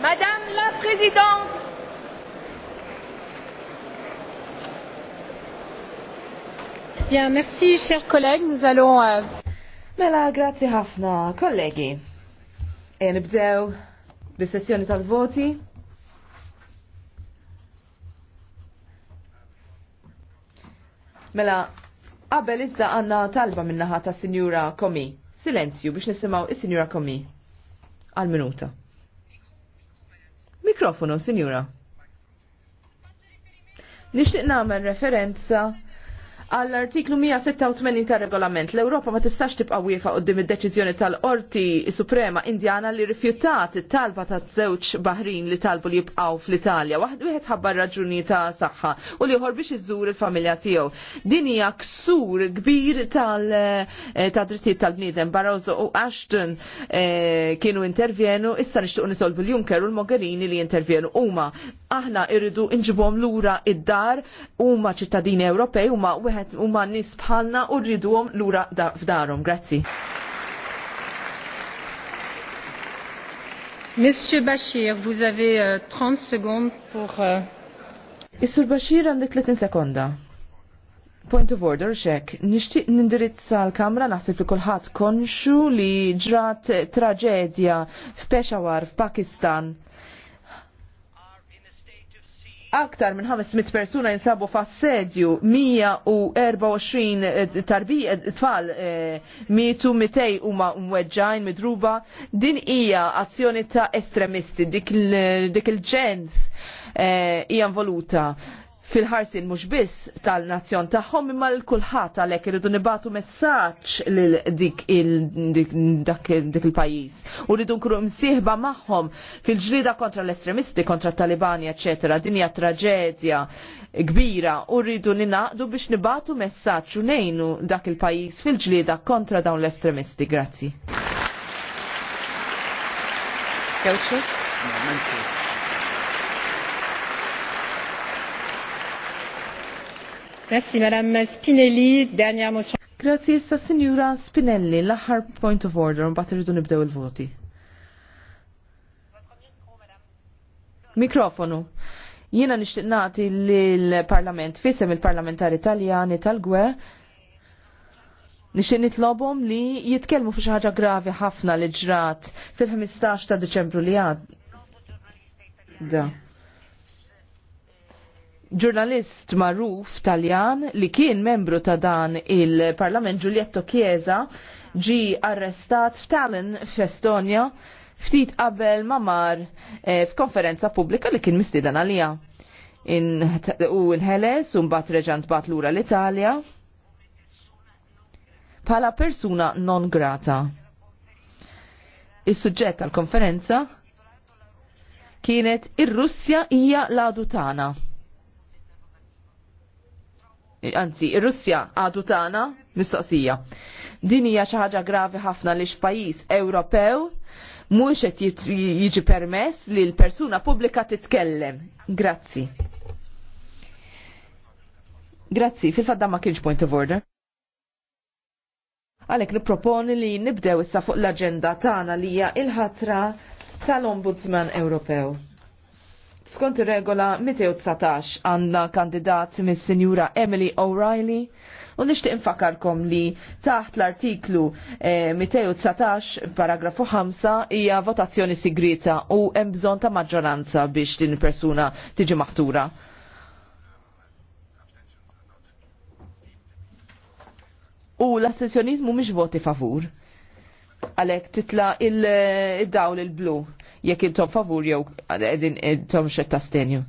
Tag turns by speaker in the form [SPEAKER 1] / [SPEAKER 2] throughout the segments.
[SPEAKER 1] Madame la Présidente, Bien, merci, chers collègues. Nous allons. Euh, mela, grazie ħafna, kollegi. E nibdew bis-sessjoni tal-voti. Mela, qabel iżda għanna talba minnaħa ta' Sinjura Komi. Silenzju biex nisimaw is-Sinjura Komi. Għal-minuta. Mikrofonu, sinjura. Nixtieq nagħmel referenza għall-artiklu 186 tar regolament l-Ewropa ma tistax tibqa' wiefa qudiem id-deċiżjoni tal-Qorti Suprema Indjana li rifjutat it-talba ta' żewġ Baħrin li talbu li jibqgħu fl-Italja. Waħd wieħed ħabbar raġuni ta' saħħa u li jħor biex iżżur il-familja tiegħu. Din hija ksur kbir tal eh, ta' drittijiet tal-bniedem Barroso u Ashton eh, kienu intervjenu issa nixtiequ nisolbu l-Junker u l-Mogherini li intervjenu huma aħna irridu inġibhom lura id-dar huma ċittadini Ewropej huma wieħed wieħed huma nies bħalna u rriduhom lura f'darhom. Grazzi. Monsieur Bashir, vous avez 30 euh, secondes pour... Euh, Is-sur Bashir għandek 30 sekonda. Point of order, xek. Nishtiq nindirizza l-kamra naħseb li kulħadd konxu li ġrat traġedja f'Peshawar f'Pakistan aktar minn 500 persuna jinsabu f'assedju, 124 eh, tarbija eh, tfal eh, mietu u huma mweġġajn midruba. Din hija azzjoni ta' estremisti, dik il-ġens hija voluta fil-ħarsin mhux biss tal-nazzjon tagħhom imma l kulħadd għalhekk iridu nibatu messaġġ lil dik il-pajjiż. U rridu nkunu msieħba magħhom fil-ġlida kontra l-estremisti, kontra t-Talibani, eċetera. Din hija traġedja kbira u rridu ninaqdu biex nibatu messaġġ u nejnu dak il-pajjiż fil-ġlida kontra dawn l-estremisti. Grazzi. Kelċus? Grazie, Madame Spinelli. Dernière motion. Grazie, sta Signora Spinelli, l-aħħar point of order, un bat irridu nibdew il-voti. Mikrofonu. Jiena nixtieq nagħti lill-Parlament fisem il-parlamentari Taljani tal-Gwe nixtieq nitlobhom li jitkellmu fi xi ħaġa gravi ħafna li ġrat fil-15 ta' Deċembru li għadda ġurnalist maruf taljan li kien membru ta' dan il-Parlament Giulietto Chiesa ġi arrestat f'Tallinn f'Estonja ftit qabel ma mar eh, f'konferenza pubblika li kien mistieden għalija. U nħeles u mbagħad reġant bat lura l-Italja bħala persuna non grata. Is-suġġett tal-konferenza kienet ir-Russja hija l-adutana. tagħna Eh, anzi, ir-Russja għadu tagħna mistoqsija. Din hija xi ħaġa gravi ħafna li x'pajjiż Ewropew mhux qed jiġi permess li l-persuna pubblika titkellem. Grazzi. Grazzi, fil-fadda ma kienx point of order. Għalek niproponi li nibdew issa fuq l-agenda tagħna li hija il-ħatra tal-Ombudsman Ewropew. Skont ir-regola 219 għandna kandidat mis sinjura Emily O'Reilly u nixtieq infakarkom li taħt l-artiklu 219 eh, paragrafu 5 hija votazzjoni sigrita u hemm bżonn ta' maġġoranza biex din persuna tiġi maħtura. U l assessjonizmu mhumiex voti favur għalek titla il-dawl il-blu, jekk intom favur jew għedin intom xed tastenju.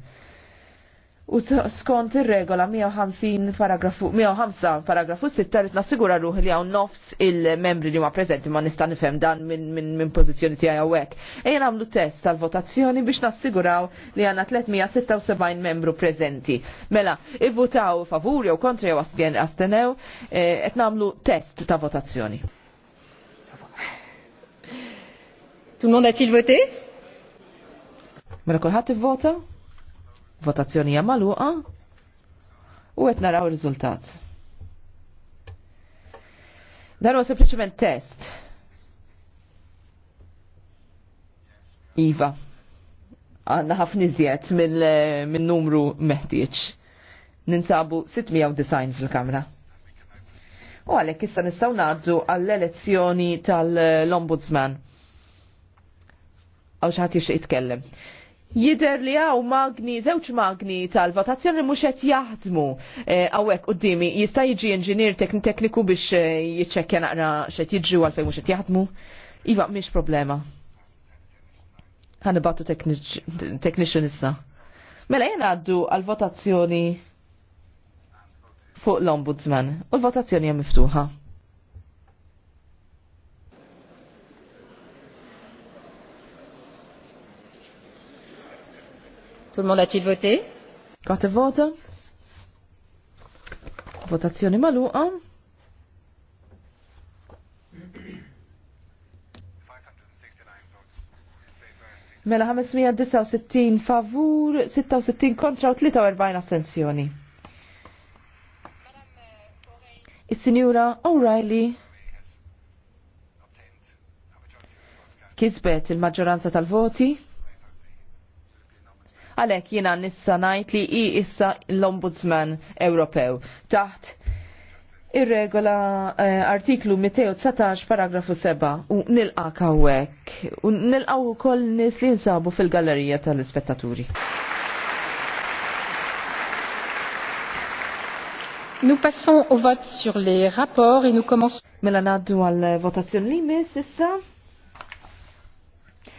[SPEAKER 1] U skont ir-regola 150 paragrafu 105 paragrafu 6 rid nassigura ruħi li hawn nofs il-membri li huma preżenti ma nista' nifhem dan minn min, min pożizzjoni tiegħi hawnhekk. Ejja nagħmlu test tal-votazzjoni biex nassiguraw li għanna 376 membru preżenti. Mela, i-votaw favur jew kontra jew astenew eh, qed nagħmlu test ta' votazzjoni. Tout le monde a-t-il voté? Mela kulħadd ivvota? Votazzjoni hija magħluqa u qed naraw ir-riżultat. Dan huwa sempliċement test. Iva. Għanna ħafna iżjed eh, minn numru meħtieġ. Ninsabu 690 fil-kamra. U għalhekk issa nistgħu ngħaddu għall-elezzjoni tal-Ombudsman għaw xaħat jiex jitkellem. Jider li għaw magni, zewċ magni tal-votazzjoni mux qed jaħdmu e, għawek u d-dimi, jista jiġi inġinier tekniku biex e, jiċċekkja naqra xet jġi għalfej mux qed jaħdmu? Iva, miex problema. battu technician issa. Mela jena għaddu għal-votazzjoni fuq l-ombudsman u l-votazzjoni jgħam miftuħa. Tout le monde a-t-il voté? Kati vota? Votazzjoni maluqa? 569 mela 569 favur, 66 kontra u 43 astensjoni. Is-sinjura O'Reilly kisbet il-maġġoranza tal-voti għalhekk jiena nissa ngħid li hi issa l-Ombudsman Ewropew taħt Ir-regola eh, artiklu 219 paragrafu 7 u nilqak hawnhekk u nilqaw ukoll nies li jinsabu fil-gallerija tal-ispettaturi. Nous passons au vote sur les rapports et nous commençons. Mela naddu għal votazzjoni li issa.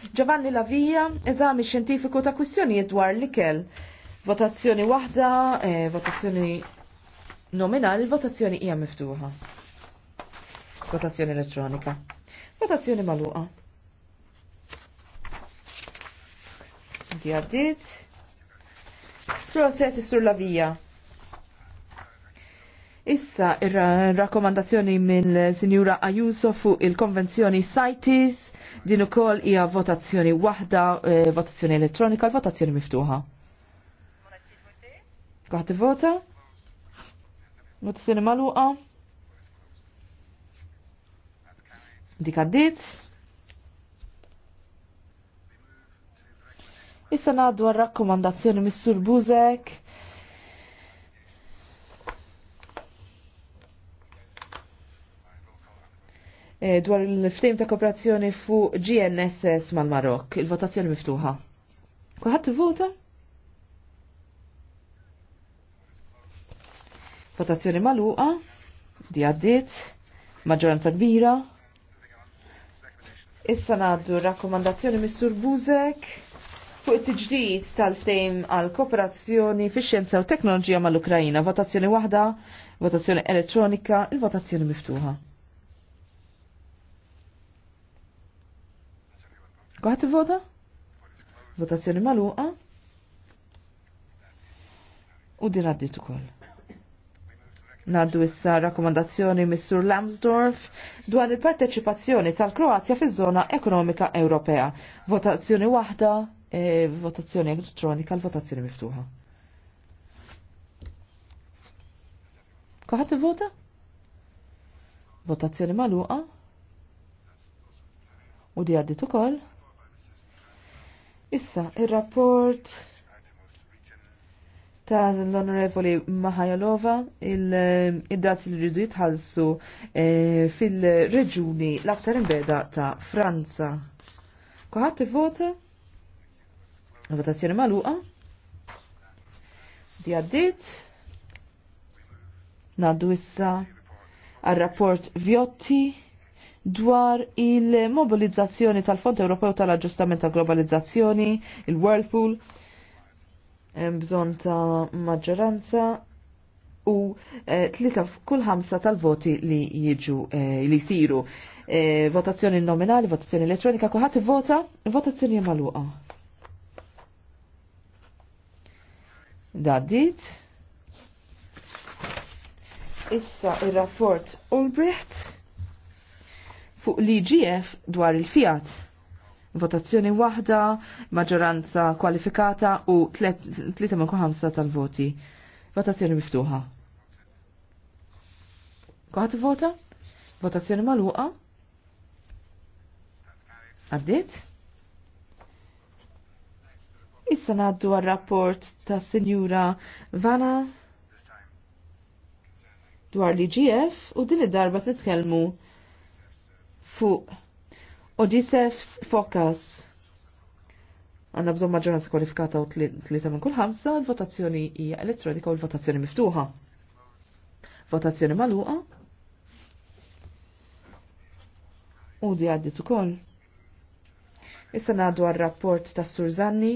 [SPEAKER 1] Giovanni Lavija, eżami xjentifiku ta' kwistjonijiet dwar l-ikel. Votazzjoni waħda, eh, votazzjoni nominali, votazzjoni hija miftuħa. Votazzjoni elettronika. Votazzjoni maluqa. Inti għaddit. Proset sur la via. Issa ir-rakkomandazzjoni mill-Sinjura Ajuso fuq il-Konvenzjoni CITES Din ukoll hija votazzjoni waħda, eh, votazzjoni elettronika, votazzjoni miftuħa. Kħat vota? Votazzjoni maluqa? Dik għaddit? Issa naddu għal rakkomandazzjoni Missur Buzek Eh, dwar il-ftejm ta' kooperazzjoni fuq GNSS mal-Marok, il-votazzjoni miftuħa. Kulħadd vota Votazzjoni magħluqa, di għaddiet, maġġoranza kbira. Issa ngħaddu rakkomandazzjoni Missur Buzek fuq it tġdid tal-ftejm għal kooperazzjoni fix-xjenza u teknoloġija mal-Ukrajina, votazzjoni waħda, votazzjoni elettronika, il-votazzjoni miftuħa. Għat vota? Votazzjoni maluqa? U din għaddit ukoll. Naddu issa rakkomandazzjoni Missur Lambsdorff dwar il-parteċipazzjoni tal-Kroazja fiż-żona ekonomika Ewropea. Votazzjoni waħda, e, votazzjoni elettronika, l-votazzjoni miftuħa. Kuħat vota? Votazzjoni maluqa? U di għaddit ukoll? Issa, il-rapport ta' l-Onorevoli Mahajalova il-dazz li rridu jitħallsu eh, fil-reġuni l-aktar imbeda ta' Franza. Kuħat vota? Votazzjoni maluqa? Di għaddit? Naddu issa għal-rapport Viotti dwar il-mobilizzazzjoni tal-Fond Ewropew tal-Aġġustament ta' Globalizzazzjoni, il-Whirlpool, bżon ta' maġġoranza u eh, tlita kull ħamsa tal-voti li jiġu eh, li jisiru. Eh, votazzjoni nominali, votazzjoni elettronika, kuħat vota, votazzjoni maluqa. Daddit. Issa il-rapport Ulbricht fuq l-IGF dwar il-fiat. Votazzjoni waħda, maġġoranza kwalifikata u 3.5 tal-voti. Votazzjoni miftuħa. Kuħat vota? Votazzjoni maluqa? Għaddit? Issa naddu għal-rapport ta' Sinjura Vana dwar l-IGF u din id-darba t-nitkelmu fuq Odisefs Focus. Għanna bżon maġġoranza kwalifikata u tlita minn kull ħamsa, il votazzjoni hija elettronika u l-votazzjoni miftuħa. Votazzjoni magħluqa. U di għaddit ukoll. Issa ngħaddu għar-rapport ta' Surzanni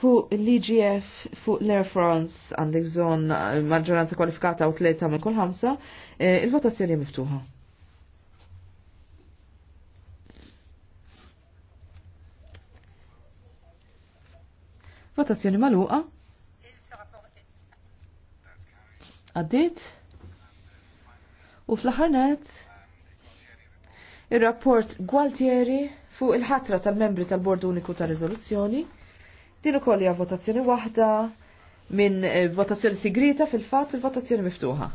[SPEAKER 1] Fuq l-IGF fuq l-Air France għandek bżon eh, maġġoranza kwalifikata u tleta minn kull ħamsa, eh, il-votazzjoni miftuħa. Votazzjoni maluqa. Għaddit. U fl-ħarnet il-rapport Gualtieri fuq il-ħatra tal-membri tal-Bord Uniku tal Rizoluzzjoni. Din ukoll hija votazzjoni waħda minn eh, votazzjoni sigrita fil-fatt il-votazzjoni miftuħa.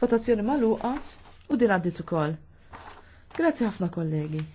[SPEAKER 1] Votazzjoni maluqa u din għaddit ukoll. Grazzi ħafna kollegi.